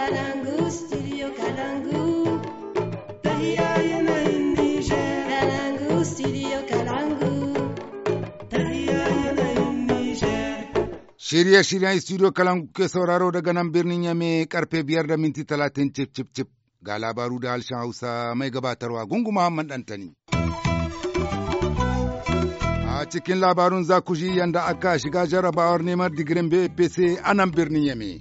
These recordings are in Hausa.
kalangu studio kalangu yana shirye studio kalangu ke sauraro daga nan birnin yame karfe biyar da minti talatin cip cip cip ga labaru da harshen hausa mai gabatarwa gungu muhammad dantani a cikin labarun za ku yanda aka shiga jarabawar neman digirin bpc a nan birnin yame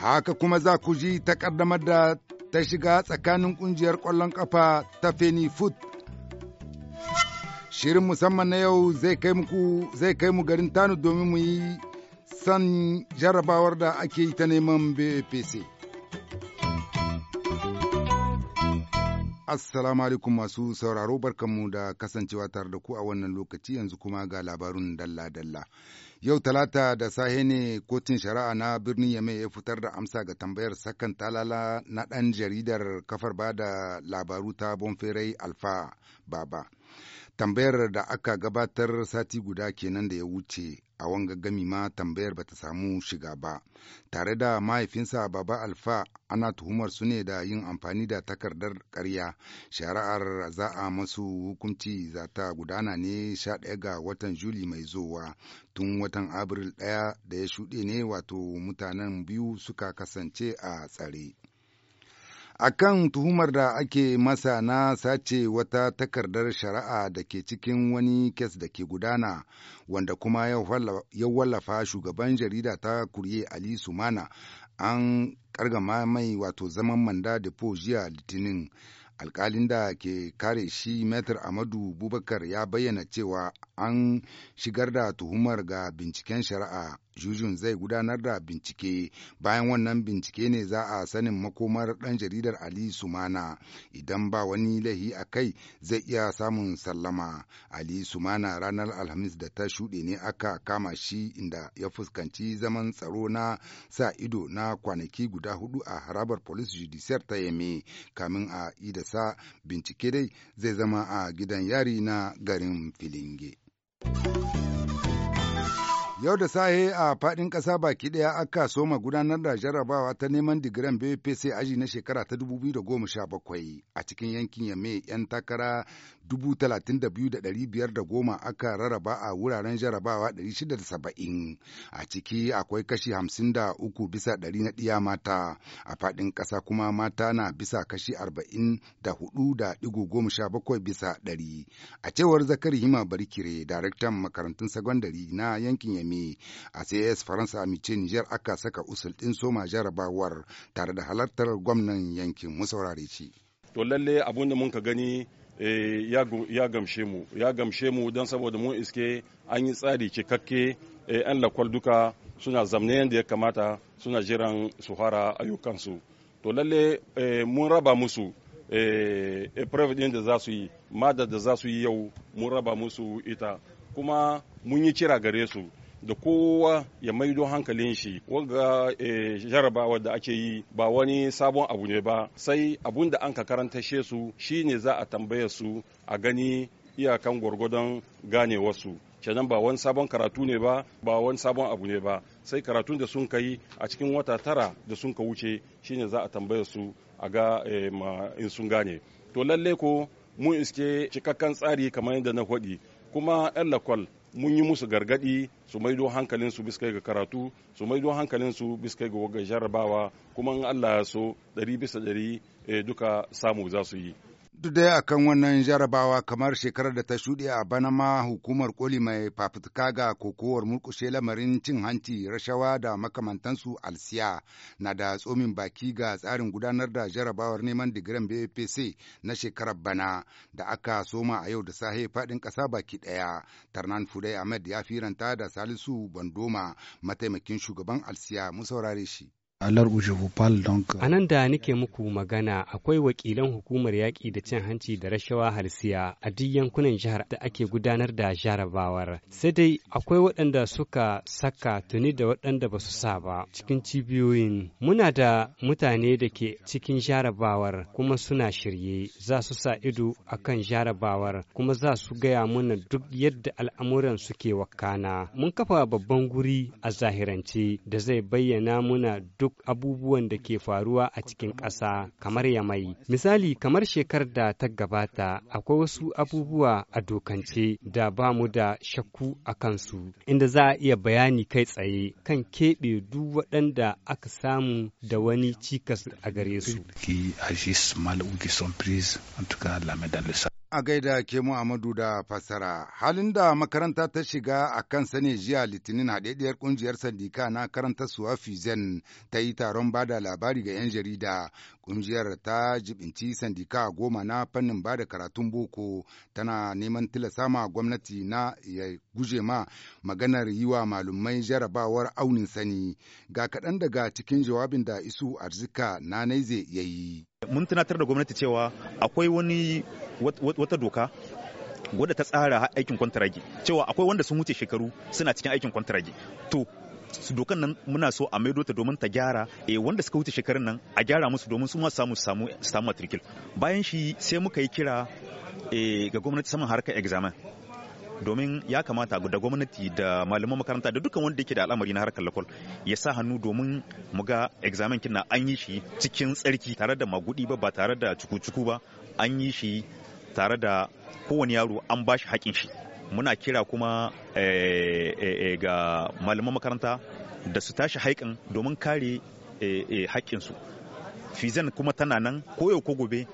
haka kuma za ku ji ta ƙaddamar da ta shiga tsakanin ƙungiyar ƙwallon ƙafa ta Feni Foot. Shirin musamman na yau zai kai mu garin tanu domin mu yi san jarabawar da ake yi ta neman BPC. Assalamu alaikum masu sauraro barkanmu da kasancewa tare da ku a wannan lokaci yanzu kuma ga labarun dalla-dalla. Yau talata da sahe ne kotun shari'a na birnin Yamai ya fitar da amsa ga tambayar sakan talala na ɗan jaridar kafar ba da labaru ta Bonferai Alfa Baba. tambayar da aka gabatar sati guda kenan da ya wuce a gami ma tambayar bata samu shiga ba tare da mahaifinsa baba alfa ana tuhumar su ne da yin amfani da takardar karya shari'ar za a masu hukunci za ta gudana ne sha ɗaya ga watan juli mai zowa tun watan abril ɗaya da ya shuɗe ne wato mutanen biyu suka kasance a tsare. a kan tuhumar da ake masa na sace wata takardar shari'a da ke cikin wani kes da ke gudana wanda kuma ya wallafa shugaban jarida ta kurye ali sumana an ƙargama mai wato zaman manda da jiya litinin alkalin da ke kare shi metar amadu bubakar ya bayyana cewa an shigar da tuhumar ga binciken shari'a jujun zai gudanar da bincike bayan wannan bincike ne za a sanin makomar ɗan jaridar ali sumana idan ba wani lahi a kai zai iya samun sallama ali sumana ranar alhamis da ta shuɗe ne aka kama shi inda ya fuskanci zaman tsaro na sa ido na kwanaki guda hudu a harabar police judiciaire ta yame kamin a idasa bincike dai zai zama a gidan yari na garin filinge. Yau da sahe a faɗin ƙasa baki ɗaya aka soma gudanar da jarrabawa ta neman digiran BPC aji na shekara ta 2017 a cikin yankin Yame 'yan takara 32,510 aka rarraba a wuraren jarrabawa 670 a ciki akwai kashi 53 bisa 100 na ɗiya mata a faɗin ƙasa kuma mata na bisa kashi 44.17 bisa 100 a cewar Zakari Hima Barikire daraktan makarantun sagwandari na yankin Yame A cs Faransa amince Nijar aka saka usul ɗin soma jarabawar tare da halartar gwamnan yankin mu saurare ci To lalle abun da mun ka gani eh, ya gamshe mu ya gamshe mu don saboda mun iske an yi tsari cikakke eh, 'yan lakwal duka suna zamne yadda ya kamata suna jiran su fara ayyukansu to lalle eh, mun raba musu a din da za su yi mada da za su yi yau mun raba musu ita kuma mun yi kira gare su da kowa ya maido hankalin shi wanga eh, jarabawa da ake yi ba wani sabon abu ne ba sai abun da an ka karantashe su shine za a tambaya su a gani iyakan gwargwadon gane wasu kenan ba wani sabon karatu ne ba ba wani sabon abu ne ba sai karatun da sun kai a cikin wata tara da sun ka wuce shine za a tambaya su a ga eh, in sun gane to lalle ko mun iske cikakken tsari kamar yadda na faɗi kuma yan lakwal mun yi musu gargadi su maido hankalin su biskai ga karatu su maido hankalin su biskai ga jarrabawa kuma in Allah ya so ɗari bisa ɗari eh, duka samu za su yi Duk da a kan wannan jarabawa kamar shekarar da ta shuɗe a bana ma hukumar koli mai fafutuka ga kokowar murkushe lamarin cin hanci rashawa da makamantansu alsiya na da tsomin baki ga tsarin gudanar da jarabawar neman digiran BAPC na shekarar bana da aka soma a yau da sahe faɗin ƙasa baki ɗaya. Tarnan Fudai Ahmed ya firanta da Salisu Bandoma mataimakin shugaban alsiya mu saurare shi. A nan da nake muku magana akwai wakilan hukumar yaƙi da cin hanci da rashawa halsiya a duk yankunan jihar da ake gudanar da jarabawar. Sai dai akwai waɗanda suka saka tuni da waɗanda ba su sa ba cikin cibiyoyin. Muna da mutane da ke cikin jarabawar kuma suna shirye za su sa ido a kan jarabawar kuma za su gaya mana duk yadda al'amuran suke wakana. Mun kafa babban guri a zahirance da zai bayyana muna duk duk abubuwan da ke faruwa a cikin ƙasa kamar yamai. Misali kamar shekar da ta gabata akwai wasu abubuwa a dokance da ba mu da shakku a kansu inda za a iya bayani kai tsaye kan keɓe duk waɗanda aka samu da wani cikas a gare su. A gaida ke Muhammadu da fassara, halin da makaranta ta shiga a kan sani jiya Litinin haɗaɗɗiyar ƙungiyar sandika na karanta Fizen ta yi taron ba da labari ga 'yan jarida. Ƙungiyar ta jibinci sandika goma na fannin ba da karatun boko tana neman tilasa ma gwamnati na ya guje ma maganar yi wa malumai jarabawar aunin sani. Ga kaɗan daga cikin jawabin da Isu Arzika na Naize ya yi. mun tunatar da gwamnati cewa akwai wani wata doka wadda ta tsara aikin kwantarage cewa akwai wanda sun wuce shekaru suna cikin aikin kwantarage to su dokan nan muna so a maido ta domin ta gyara e wanda suka wuce shekarun nan a gyara musu domin su ma samu samu samu matrikil bayan shi sai muka yi kira eh, ga gwamnati saman harkar examen domin ya kamata da gwamnati da malaman makaranta da dukkan wanda yake da al'amari na harkar lakol ya sa hannu domin mu ga examen kin na an yi shi cikin tsarki tare da magudi ba ba tare da cuku-cuku ba an yi shi tare da kowane yaro an ba shi haƙin shi muna kira kuma eh, eh, eh, ga malaman makaranta da su tashi haikan domin kare haƙƙinsu fizan kuma tana nan koyo ko gobe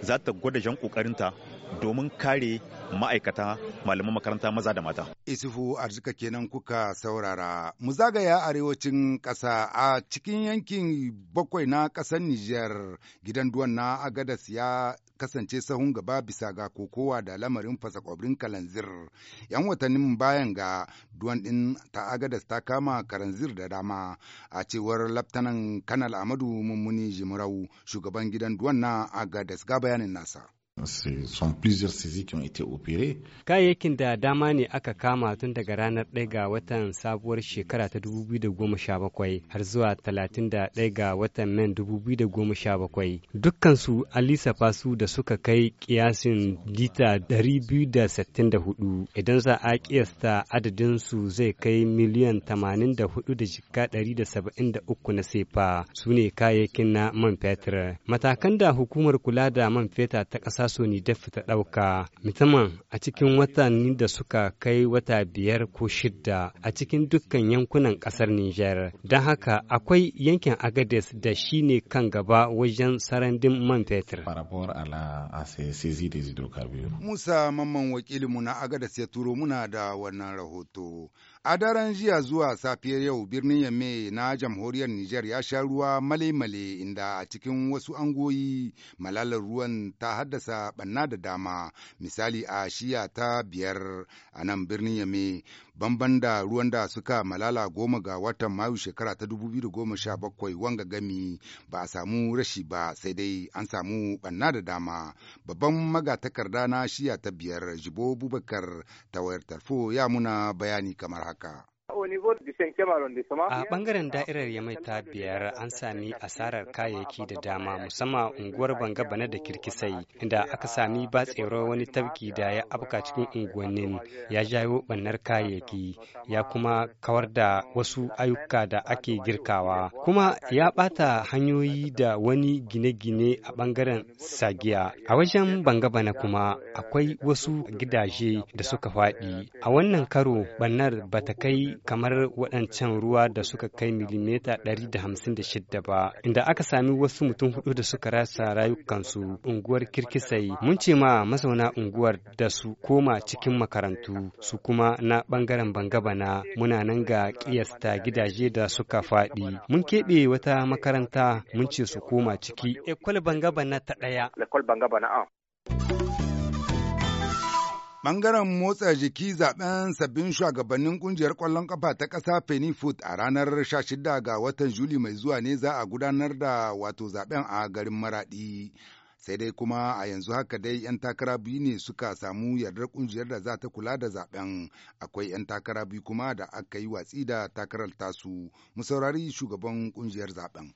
za ta gwada jan ƙoƙarinta domin kare ma'aikata malaman makaranta maza da mata. Isufu arzika kenan kuka saurara. Mu zagaya arewacin ƙasa a cikin yankin bakwai na ƙasar Nijar gidan duwan na Agadas ya kasance sahun gaba bisa ga kokowa da lamarin fasa kwabrin kalanzir. Yan watannin bayan ga duwan ɗin ta Agadas ta kama karanzir da dama a cewar Laftanan Kanal Amadu Mummuni Jimarau shugaban gidan duwan na Agadas ga bayanin nasa. Ce sont plusieurs saisies qui ont été opérées. Kayayyakin da dama ne aka kama tun daga ranar 1 ga watan sabuwar shekara ta 2017 har zuwa 31 ga watan man 2017. Dukkansu an lissafa su da suka kai kiyasin lita 264 idan za a kiyasta adadin su zai kai miliyan 84.73 na sefa su ne kayayyakin na man fetur. Matakan da hukumar kula da man fetur ta ƙasa ta so ni dafi ta ɗauka musamman a cikin watanni da suka kai wata biyar ko shidda a cikin dukkan yankunan ƙasar Nijar. Don haka akwai yankin Agades da shi ne kan gaba wajen sarandin man fetur. Musa mamman wakilinmu na Agades ya turo muna da wannan rahoto. A daren jiya zuwa safiyar yau birnin Yamme na jamhuriyar Nijar ya sha ruwa male-male inda a cikin wasu angoyi malalar ruwan ta haddasa banna da dama misali a shiya ta biyar a nan birnin Yamme bamban da ruwan da suka malala goma ga watan Mayu shekara ta 2017 wanga gami ba a samu rashi ba sai dai an samu banna da dama babban magatakarda na shiya ta biyar Jibo Bubakar ta wayar tarfo ya muna bayani kamar haka. haka. A bangaren da'irar Yamai ta biyar an sami asarar kayayyaki da dama musamman unguwar Banga Bana da Kirkisai inda aka sami tsero wani tafki da ya afka cikin unguwannin ya jawo bannar kayayyaki ya kuma kawar da wasu ayyuka da ake girkawa kuma ya bata hanyoyi da wani gine-gine a bangaren Sagiya. A wajen Banga Bana kuma akwai wasu gidaje da suka faɗi. A wannan karo bannar bata kai kamar waɗancan ruwa da suka kai milimeta 156 ba, inda aka sami wasu mutum hudu da suka rasa rayukansu unguwar kirkisai. Mun ce ma mazauna unguwar da su koma cikin makarantu, su kuma na ɓangaren bangabana muna nan ga ƙiyasta gidaje da suka faɗi. Mun keɓe wata makaranta mun ce su koma ciki. Ekwal bangabana ta ɗaya. Bangaren motsa jiki zaben sabbin shugabannin kungiyar ƙwallon ƙafa ta ƙasa Fenifoot a ranar 16 ga watan Juli mai zuwa ne za a gudanar da wato zaben a garin Maraɗi. Sai dai kuma a yanzu haka dai 'yan takara biyu ne suka samu yardar kungiyar da za ta kula da zaben. Akwai 'yan takara biyu kuma da aka yi watsi da takarar tasu. Mu saurari shugaban kungiyar zaben.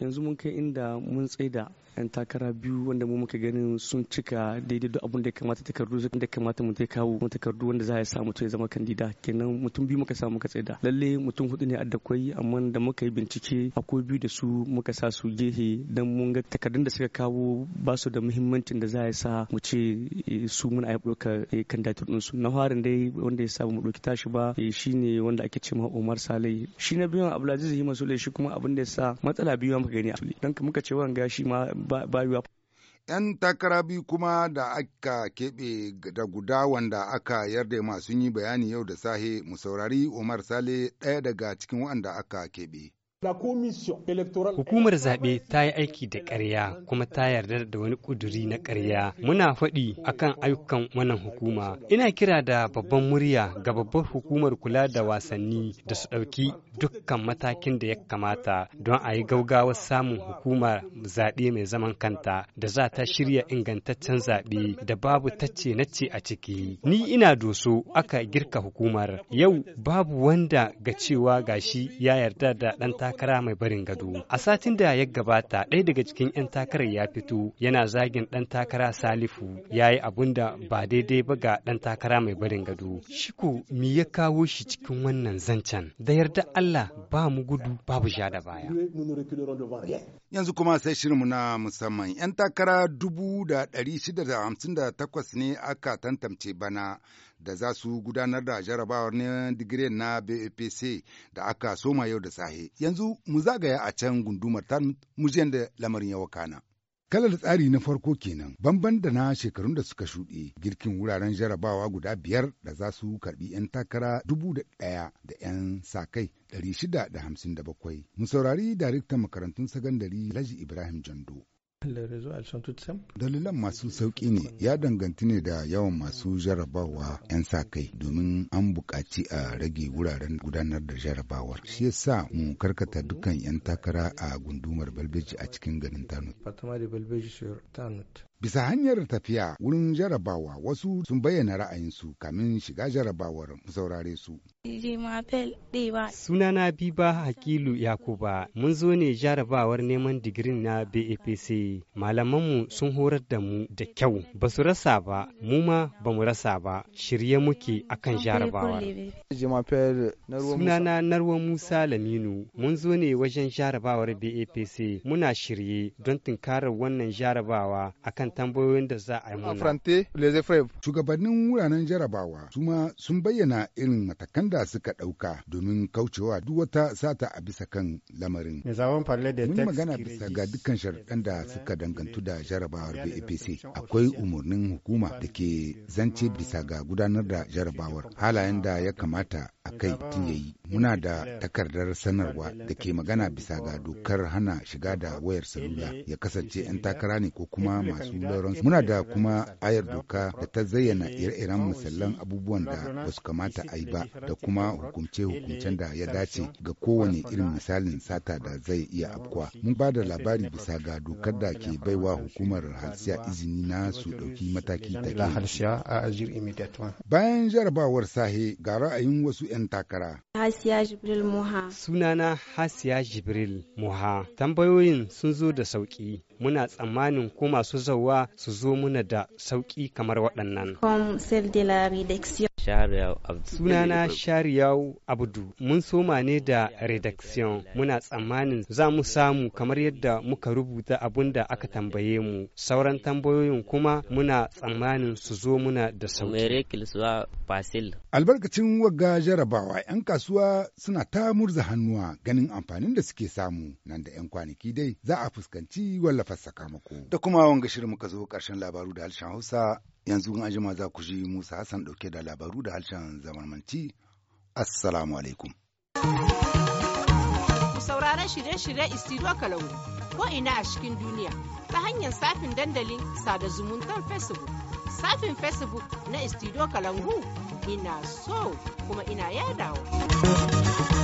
yanzu mun kai inda mun tsaida yan takara biyu wanda mu muka ganin sun cika daidai da abin da ya kamata takardu zai da kamata mu zai kawo mu takardu wanda za a sa mutum ya zama kandida kenan mutum biyu muka sa muka tsaida lalle mutum hudu ne a da kwai amma da muka yi bincike akwai biyu da su muka sa su gehe dan mun ga takardun da suka kawo ba su da muhimmancin da za a sa mu ce eh, su mun ayi ɗauka eh, kandidatur su na farin dai wanda ya sa mu ɗauki tashi ba eh, shine wanda ake cewa Umar Salai shi na biyun Abdulaziz Hima Sule shi kuma abin da ya sa matsala biyu muka gani a don muka ce wanga shi ma ba yiwa 'yan takara biyu kuma da aka keɓe da guda wanda aka yarda masu yi bayani yau da sahe mu saurari Umar Sale ɗaya daga cikin waɗanda aka keɓe. Hukumar zaɓe ta yi aiki da ƙarya kuma ta yarda da wani ƙuduri na ƙarya. Muna faɗi akan ayyukan wannan hukuma. Ina kira da babban murya ga babbar hukumar kula da wasanni da su ɗauki dukkan matakin da ya kamata don a yi gaugawar samun hukumar zaɓe mai zaman kanta da za ta shirya ingantaccen zaɓe da babu tacce nace a ciki. Ni ina doso aka girka hukumar. Yau babu wanda ga cewa gashi ya yarda da ɗan takara mai barin gado. A satin da ya gabata ɗaya daga cikin 'yan takarar ya fito yana zagin ɗan takara Salifu ya yi abun da ba daidai ba ga ɗan takara mai barin gado. Shiko mi ya kawo shi cikin wannan zancen? Da yarda Allah ba mu gudu babu sha da baya. Yanzu kuma sai shirinmu na musamman 'yan takara dubu da ɗari shida da hamsin da takwas ne aka tantance bana. da za su gudanar da jarabawar neman digirin na BAPC da aka soma yau da sahe. Yanzu mu zagaya a can gundumar ta mujen da lamarin ya kana. Kalar tsari na farko kenan, bamban da na shekarun da suka shuɗe, girkin wuraren jarabawa guda biyar da za su karɓi 'yan takara dubu da ɗaya da 'yan sakai kai ɗari shida da hamsin da bakwai. Mu saurari daraktan makarantun sagandari Laji Ibrahim Jando. Dalilan masu sauƙi ne ya danganci ne da yawan masu jarabawa 'yan sa kai domin an bukaci a rage wuraren gudanar da jarabawar. Shi yasa mu karkata dukkan 'yan takara a gundumar Balbeji a cikin ganin Tanut. Bisa hanyar tafiya wurin jarabawa wasu sun bayyana ra'ayinsu kamin shiga jarabawar mu saurare su. Sunana Biba Hakilu Yakuba mun zo ne jarabawar neman digirin na BAPC. Malamanmu sun horar da mu da kyau ba su rasa ba mu ma ba mu rasa ba shirye muke akan jarabawar. Sunana Narwa Musa Laminu mun zo ne wajen jarabawar BAPC muna shirye don tunkarar wannan jarabawa akan kan tambayoyin da za a yi mana. Shugabannin wuraren jarabawa su sun bayyana irin matakan da suka ɗauka domin kaucewa duk wata sata a bisa kan lamarin. Mun magana bisa ga dukkan sharɗan da suka dangantu da jarabawar APC. Akwai umarnin hukuma da ke zance bisa ga gudanar da jarabawar halayen da ya kamata a kai tun yayi. Muna da takardar sanarwa da ke magana bisa ga dokar hana shiga da wayar salula ya kasance 'yan takara ne ko kuma masu sauransu muna da kuma ayar doka da ta zayyana ire-iren musallan abubuwan da ba su kamata a yi ba da kuma hukumce-hukumcen da ya dace ga kowane irin misalin sata da zai iya afkwa mun ba da labari bisa ga dokar da ke baiwa hukumar halsiya izini na su dauki mataki ta bayan jarabawar sahe ga ra'ayin wasu 'yan takara sunana hasiya jibril muha tambayoyin sun zo da sauki muna tsammanin ko masu zauwa su zo muna da sauƙi kamar waɗannan. Shariyau Abdu. Sunana Shariyau Abdu. Mun soma ne da redaction. Muna tsammanin za mu samu kamar yadda muka rubuta abun da aka tambaye mu. Sauran tambayoyin kuma muna tsammanin su zo muna da sauki. Albarkacin wagga jarabawa 'yan kasuwa suna ta murza hannuwa ganin amfanin da suke samu nan da 'yan kwanaki dai za a fuskanci wallafa sakamako. Da kuma wanga shirin muka zo ƙarshen labaru da harshen Hausa yanzu an ajima za ku ji Musa Hassan ɗauke da labaru da harshen zamananci. Assalamu alaikum. Ku saurara shirye-shirye Istiro Kalangu ko ina a cikin duniya ta hanyar safin dandalin sada zumuntar Facebook. Safin Facebook na Istiro Kalangu ina so kuma ina yadawa.